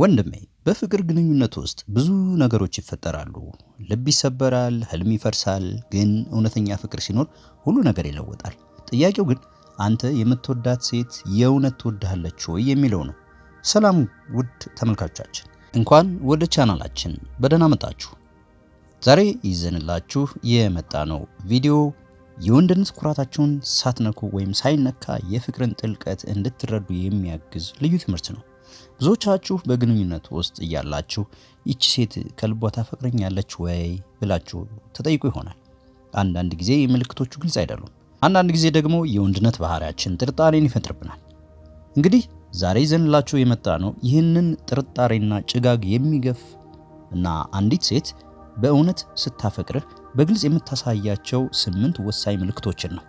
ወንድሜ በፍቅር ግንኙነት ውስጥ ብዙ ነገሮች ይፈጠራሉ። ልብ ይሰበራል፣ ህልም ይፈርሳል። ግን እውነተኛ ፍቅር ሲኖር ሁሉ ነገር ይለወጣል። ጥያቄው ግን አንተ የምትወዳት ሴት የእውነት ትወድሃለች ወይ የሚለው ነው። ሰላም ውድ ተመልካቾቻችን፣ እንኳን ወደ ቻናላችን በደህና መጣችሁ። ዛሬ ይዘንላችሁ የመጣ ነው ቪዲዮ የወንድነት ኩራታችሁን ሳትነኩ ወይም ሳይነካ የፍቅርን ጥልቀት እንድትረዱ የሚያግዝ ልዩ ትምህርት ነው። ብዙዎቻችሁ በግንኙነት ውስጥ እያላችሁ ይቺ ሴት ከልቧ ታፈቅረኛለች ወይ ብላችሁ ተጠይቁ ይሆናል። አንዳንድ ጊዜ ምልክቶቹ ግልጽ አይደሉም። አንዳንድ ጊዜ ደግሞ የወንድነት ባህሪያችን ጥርጣሬን ይፈጥርብናል። እንግዲህ ዛሬ ይዘንላችሁ የመጣ ነው ይህንን ጥርጣሬና ጭጋግ የሚገፍ እና አንዲት ሴት በእውነት ስታፈቅርህ በግልጽ የምታሳያቸው ስምንት ወሳኝ ምልክቶችን ነው።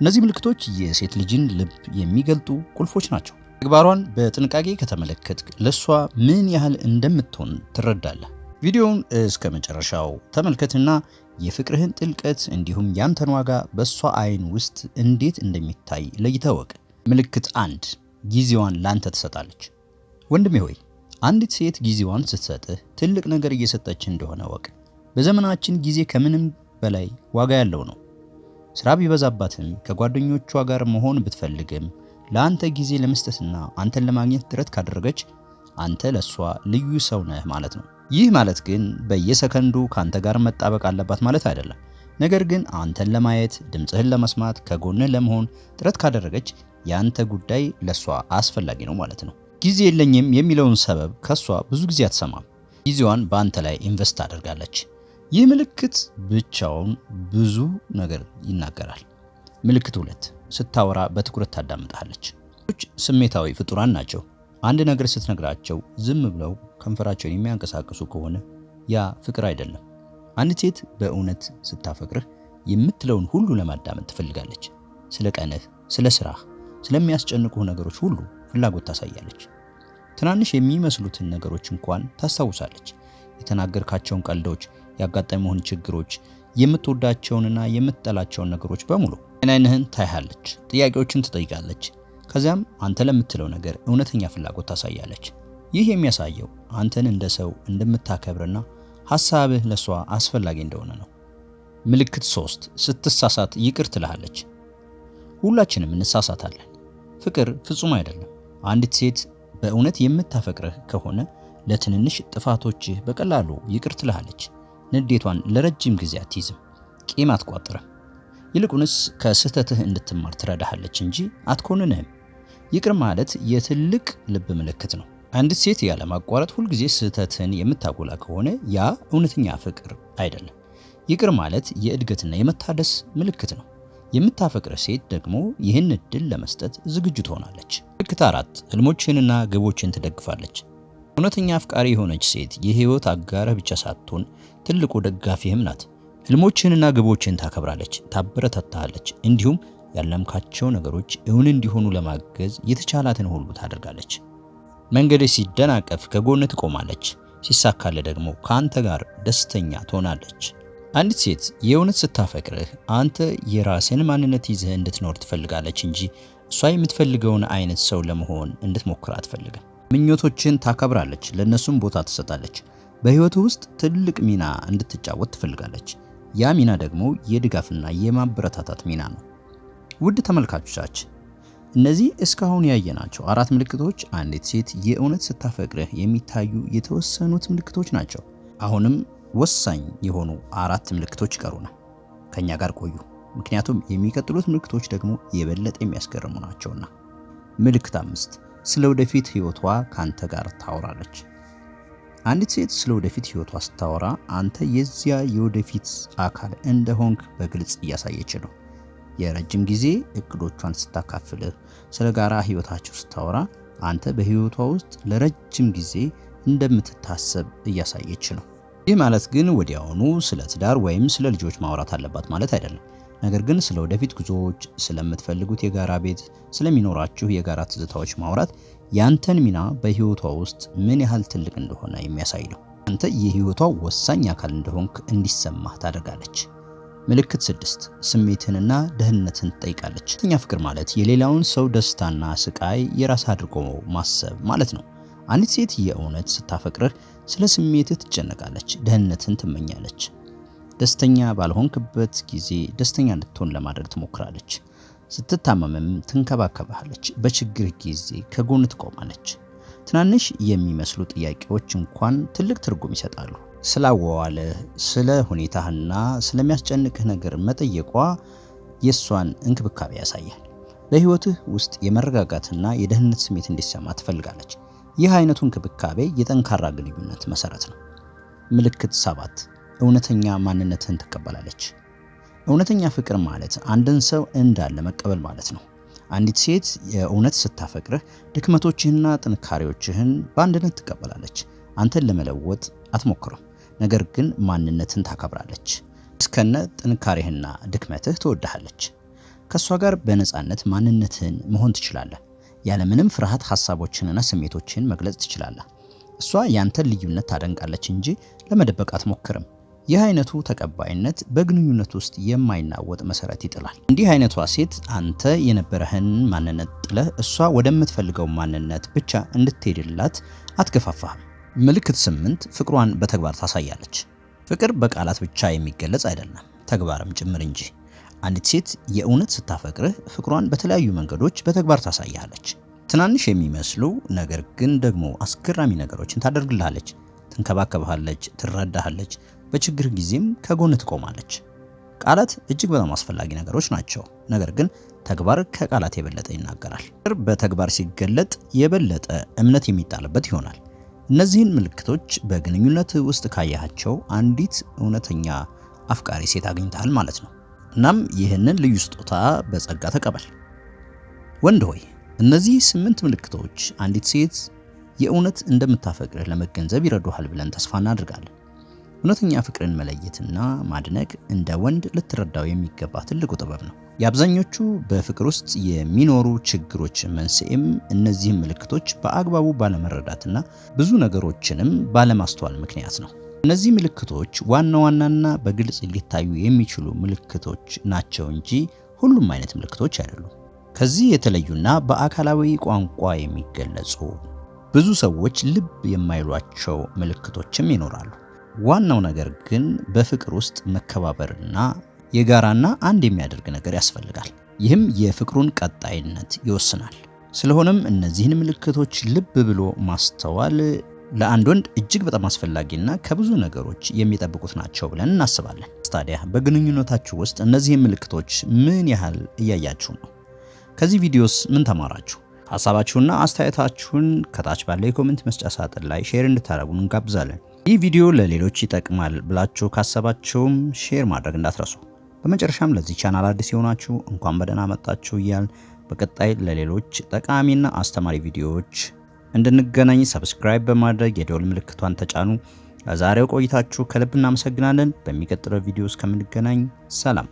እነዚህ ምልክቶች የሴት ልጅን ልብ የሚገልጡ ቁልፎች ናቸው። ተግባሯን በጥንቃቄ ከተመለከት ለእሷ ምን ያህል እንደምትሆን ትረዳለህ። ቪዲዮውን እስከ መጨረሻው ተመልከትና የፍቅርህን ጥልቀት እንዲሁም ያንተን ዋጋ በእሷ አይን ውስጥ እንዴት እንደሚታይ ለይተወቅ። ምልክት አንድ ጊዜዋን ላንተ ትሰጣለች። ወንድሜ ሆይ አንዲት ሴት ጊዜዋን ስትሰጥህ ትልቅ ነገር እየሰጠች እንደሆነ ወቅ በዘመናችን ጊዜ ከምንም በላይ ዋጋ ያለው ነው። ስራ ቢበዛባትም ከጓደኞቿ ጋር መሆን ብትፈልግም ለአንተ ጊዜ ለመስጠትና አንተን ለማግኘት ጥረት ካደረገች አንተ ለእሷ ልዩ ሰው ነህ ማለት ነው። ይህ ማለት ግን በየሰከንዱ ከአንተ ጋር መጣበቅ አለባት ማለት አይደለም። ነገር ግን አንተን ለማየት፣ ድምፅህን ለመስማት፣ ከጎንህ ለመሆን ጥረት ካደረገች የአንተ ጉዳይ ለእሷ አስፈላጊ ነው ማለት ነው። ጊዜ የለኝም የሚለውን ሰበብ ከእሷ ብዙ ጊዜ አትሰማም። ጊዜዋን በአንተ ላይ ኢንቨስት አድርጋለች። ይህ ምልክት ብቻውን ብዙ ነገር ይናገራል። ምልክት ሁለት ስታወራ በትኩረት ታዳምጣለች። ስሜታዊ ፍጡራን ናቸው። አንድ ነገር ስትነግራቸው ዝም ብለው ከንፈራቸውን የሚያንቀሳቅሱ ከሆነ ያ ፍቅር አይደለም። አንዲት ሴት በእውነት ስታፈቅርህ የምትለውን ሁሉ ለማዳመጥ ትፈልጋለች። ስለ ቀንህ፣ ስለ ስራህ፣ ስለሚያስጨንቁህ ነገሮች ሁሉ ፍላጎት ታሳያለች። ትናንሽ የሚመስሉትን ነገሮች እንኳን ታስታውሳለች። የተናገርካቸውን ቀልዶች፣ ያጋጠመውን ችግሮች፣ የምትወዳቸውንና የምትጠላቸውን ነገሮች በሙሉ አይን አይንህን ታያለች፣ ጥያቄዎችን ትጠይቃለች። ከዚያም አንተ ለምትለው ነገር እውነተኛ ፍላጎት ታሳያለች። ይህ የሚያሳየው አንተን እንደ ሰው እንደምታከብርና ሐሳብህ ለሷ አስፈላጊ እንደሆነ ነው። ምልክት ሶስት ስትሳሳት ይቅር ትልሃለች። ሁላችንም እንሳሳታለን። ፍቅር ፍጹም አይደለም። አንዲት ሴት በእውነት የምታፈቅርህ ከሆነ ለትንንሽ ጥፋቶችህ በቀላሉ ይቅር ትልሃለች። ንዴቷን ለረጅም ጊዜ አትይዝም። ቂም አትቋጥርም። ይልቁንስ ከስህተትህ እንድትማር ትረዳሃለች እንጂ አትኮንንህም። ይቅር ማለት የትልቅ ልብ ምልክት ነው። አንዲት ሴት ያለማቋረጥ ሁልጊዜ ስህተትህን የምታጎላ ከሆነ ያ እውነተኛ ፍቅር አይደለም። ይቅር ማለት የእድገትና የመታደስ ምልክት ነው። የምታፈቅረ ሴት ደግሞ ይህን እድል ለመስጠት ዝግጁ ትሆናለች። ምልክት አራት ህልሞችህንና ግቦችን ትደግፋለች። እውነተኛ አፍቃሪ የሆነች ሴት የህይወት አጋርህ ብቻ ሳትሆን ትልቁ ደጋፊህም ናት። ህልሞችንና ግቦችን ታከብራለች፣ ታበረታታለች። እንዲሁም ያለምካቸው ነገሮች እውን እንዲሆኑ ለማገዝ የተቻላትን ሁሉ ታደርጋለች። መንገድ ሲደናቀፍ ከጎን ትቆማለች፣ ሲሳካለ ደግሞ ከአንተ ጋር ደስተኛ ትሆናለች። አንዲት ሴት የእውነት ስታፈቅርህ አንተ የራስን ማንነት ይዘህ እንድትኖር ትፈልጋለች እንጂ እሷ የምትፈልገውን አይነት ሰው ለመሆን እንድትሞክር አትፈልግም። ምኞቶችን ታከብራለች፣ ለእነሱም ቦታ ትሰጣለች። በህይወቱ ውስጥ ትልቅ ሚና እንድትጫወት ትፈልጋለች። ያ ሚና ደግሞ የድጋፍና የማበረታታት ሚና ነው። ውድ ተመልካቾቻችን እነዚህ እስካሁን ያየናቸው አራት ምልክቶች አንዲት ሴት የእውነት ስታፈቅርህ የሚታዩ የተወሰኑት ምልክቶች ናቸው። አሁንም ወሳኝ የሆኑ አራት ምልክቶች ይቀሩናል። ከኛ ጋር ቆዩ፣ ምክንያቱም የሚቀጥሉት ምልክቶች ደግሞ የበለጠ የሚያስገርሙ ናቸውና። ምልክት አምስት ስለ ወደፊት ህይወቷ ካንተ ጋር ታወራለች። አንዲት ሴት ስለ ወደፊት ህይወቷ ስታወራ አንተ የዚያ የወደፊት አካል እንደሆንክ በግልጽ እያሳየች ነው። የረጅም ጊዜ እቅዶቿን ስታካፍልህ፣ ስለ ጋራ ህይወታቸው ስታወራ አንተ በህይወቷ ውስጥ ለረጅም ጊዜ እንደምትታሰብ እያሳየች ነው። ይህ ማለት ግን ወዲያውኑ ስለ ትዳር ወይም ስለ ልጆች ማውራት አለባት ማለት አይደለም። ነገር ግን ስለ ወደፊት ጉዞዎች፣ ስለምትፈልጉት የጋራ ቤት፣ ስለሚኖራችሁ የጋራ ትዝታዎች ማውራት ያንተን ሚና በህይወቷ ውስጥ ምን ያህል ትልቅ እንደሆነ የሚያሳይ ነው። አንተ የህይወቷ ወሳኝ አካል እንደሆንክ እንዲሰማህ ታደርጋለች። ምልክት ስድስት ስሜትንና ደህንነትን ትጠይቃለች። ተኛ ፍቅር ማለት የሌላውን ሰው ደስታና ስቃይ የራስ አድርጎ ማሰብ ማለት ነው። አንዲት ሴት የእውነት ስታፈቅርህ ስለ ስሜትህ ትጨነቃለች፣ ደህንነትን ትመኛለች። ደስተኛ ባልሆንክበት ጊዜ ደስተኛ እንድትሆን ለማድረግ ትሞክራለች። ስትታመምም ትንከባከባለች። በችግር ጊዜ ከጎን ትቆማለች። ትናንሽ የሚመስሉ ጥያቄዎች እንኳን ትልቅ ትርጉም ይሰጣሉ። ስላዋዋልህ፣ ስለ ሁኔታህና ስለሚያስጨንቅህ ነገር መጠየቋ የእሷን እንክብካቤ ያሳያል። በህይወትህ ውስጥ የመረጋጋትና የደህንነት ስሜት እንዲሰማ ትፈልጋለች። ይህ አይነቱ እንክብካቤ የጠንካራ ግንኙነት መሰረት ነው። ምልክት ሰባት እውነተኛ ማንነትን ትቀበላለች። እውነተኛ ፍቅር ማለት አንድን ሰው እንዳለ መቀበል ማለት ነው። አንዲት ሴት የእውነት ስታፈቅርህ ድክመቶችህና ጥንካሬዎችህን በአንድነት ትቀበላለች። አንተን ለመለወጥ አትሞክርም፣ ነገር ግን ማንነትን ታከብራለች። እስከነ ጥንካሬህና ድክመትህ ትወድሃለች። ከእሷ ጋር በነፃነት ማንነትህን መሆን ትችላለህ። ያለምንም ፍርሃት ሐሳቦችንና ስሜቶችን መግለጽ ትችላለህ። እሷ ያንተን ልዩነት ታደንቃለች እንጂ ለመደበቅ አትሞክርም። ይህ አይነቱ ተቀባይነት በግንኙነት ውስጥ የማይናወጥ መሰረት ይጥላል። እንዲህ አይነቷ ሴት አንተ የነበረህን ማንነት ጥለህ እሷ ወደምትፈልገው ማንነት ብቻ እንድትሄድላት አትገፋፋህም። ምልክት ስምንት ፍቅሯን በተግባር ታሳያለች። ፍቅር በቃላት ብቻ የሚገለጽ አይደለም፣ ተግባርም ጭምር እንጂ። አንዲት ሴት የእውነት ስታፈቅርህ ፍቅሯን በተለያዩ መንገዶች በተግባር ታሳያለች። ትናንሽ የሚመስሉ ነገር ግን ደግሞ አስገራሚ ነገሮችን ታደርግልሃለች። ትንከባከብሃለች፣ ትረዳሃለች፣ በችግር ጊዜም ከጎን ትቆማለች። ቃላት እጅግ በጣም አስፈላጊ ነገሮች ናቸው። ነገር ግን ተግባር ከቃላት የበለጠ ይናገራል። በተግባር ሲገለጥ የበለጠ እምነት የሚጣልበት ይሆናል። እነዚህን ምልክቶች በግንኙነት ውስጥ ካያቸው አንዲት እውነተኛ አፍቃሪ ሴት አግኝተሃል ማለት ነው። እናም ይህንን ልዩ ስጦታ በጸጋ ተቀበል። ወንድ ሆይ እነዚህ ስምንት ምልክቶች አንዲት ሴት የእውነት እንደምታፈቅርህ ለመገንዘብ ይረዱሃል ብለን ተስፋ እናድርጋለን። እውነተኛ ፍቅርን መለየትና ማድነቅ እንደ ወንድ ልትረዳው የሚገባ ትልቁ ጥበብ ነው። የአብዛኞቹ በፍቅር ውስጥ የሚኖሩ ችግሮች መንስኤም እነዚህን ምልክቶች በአግባቡ ባለመረዳትና ብዙ ነገሮችንም ባለማስተዋል ምክንያት ነው። እነዚህ ምልክቶች ዋና ዋናና በግልጽ ሊታዩ የሚችሉ ምልክቶች ናቸው እንጂ ሁሉም አይነት ምልክቶች አይደሉም። ከዚህ የተለዩና በአካላዊ ቋንቋ የሚገለጹ ብዙ ሰዎች ልብ የማይሏቸው ምልክቶችም ይኖራሉ። ዋናው ነገር ግን በፍቅር ውስጥ መከባበርና የጋራና አንድ የሚያደርግ ነገር ያስፈልጋል። ይህም የፍቅሩን ቀጣይነት ይወስናል። ስለሆነም እነዚህን ምልክቶች ልብ ብሎ ማስተዋል ለአንድ ወንድ እጅግ በጣም አስፈላጊና ከብዙ ነገሮች የሚጠብቁት ናቸው ብለን እናስባለን። ታዲያ በግንኙነታችሁ ውስጥ እነዚህን ምልክቶች ምን ያህል እያያችሁ ነው? ከዚህ ቪዲዮስ ምን ተማራችሁ? ሀሳባችሁና አስተያየታችሁን ከታች ባለ የኮሜንት መስጫ ሳጥን ላይ ሼር እንድታደርጉን እንጋብዛለን። ይህ ቪዲዮ ለሌሎች ይጠቅማል ብላችሁ ካሰባችሁም ሼር ማድረግ እንዳትረሱ። በመጨረሻም ለዚህ ቻናል አዲስ የሆናችሁ እንኳን በደህና መጣችሁ እያል በቀጣይ ለሌሎች ጠቃሚና አስተማሪ ቪዲዮዎች እንድንገናኝ ሰብስክራይብ በማድረግ የደወል ምልክቷን ተጫኑ። ለዛሬው ቆይታችሁ ከልብ እናመሰግናለን። በሚቀጥለው ቪዲዮ እስከምንገናኝ ሰላም።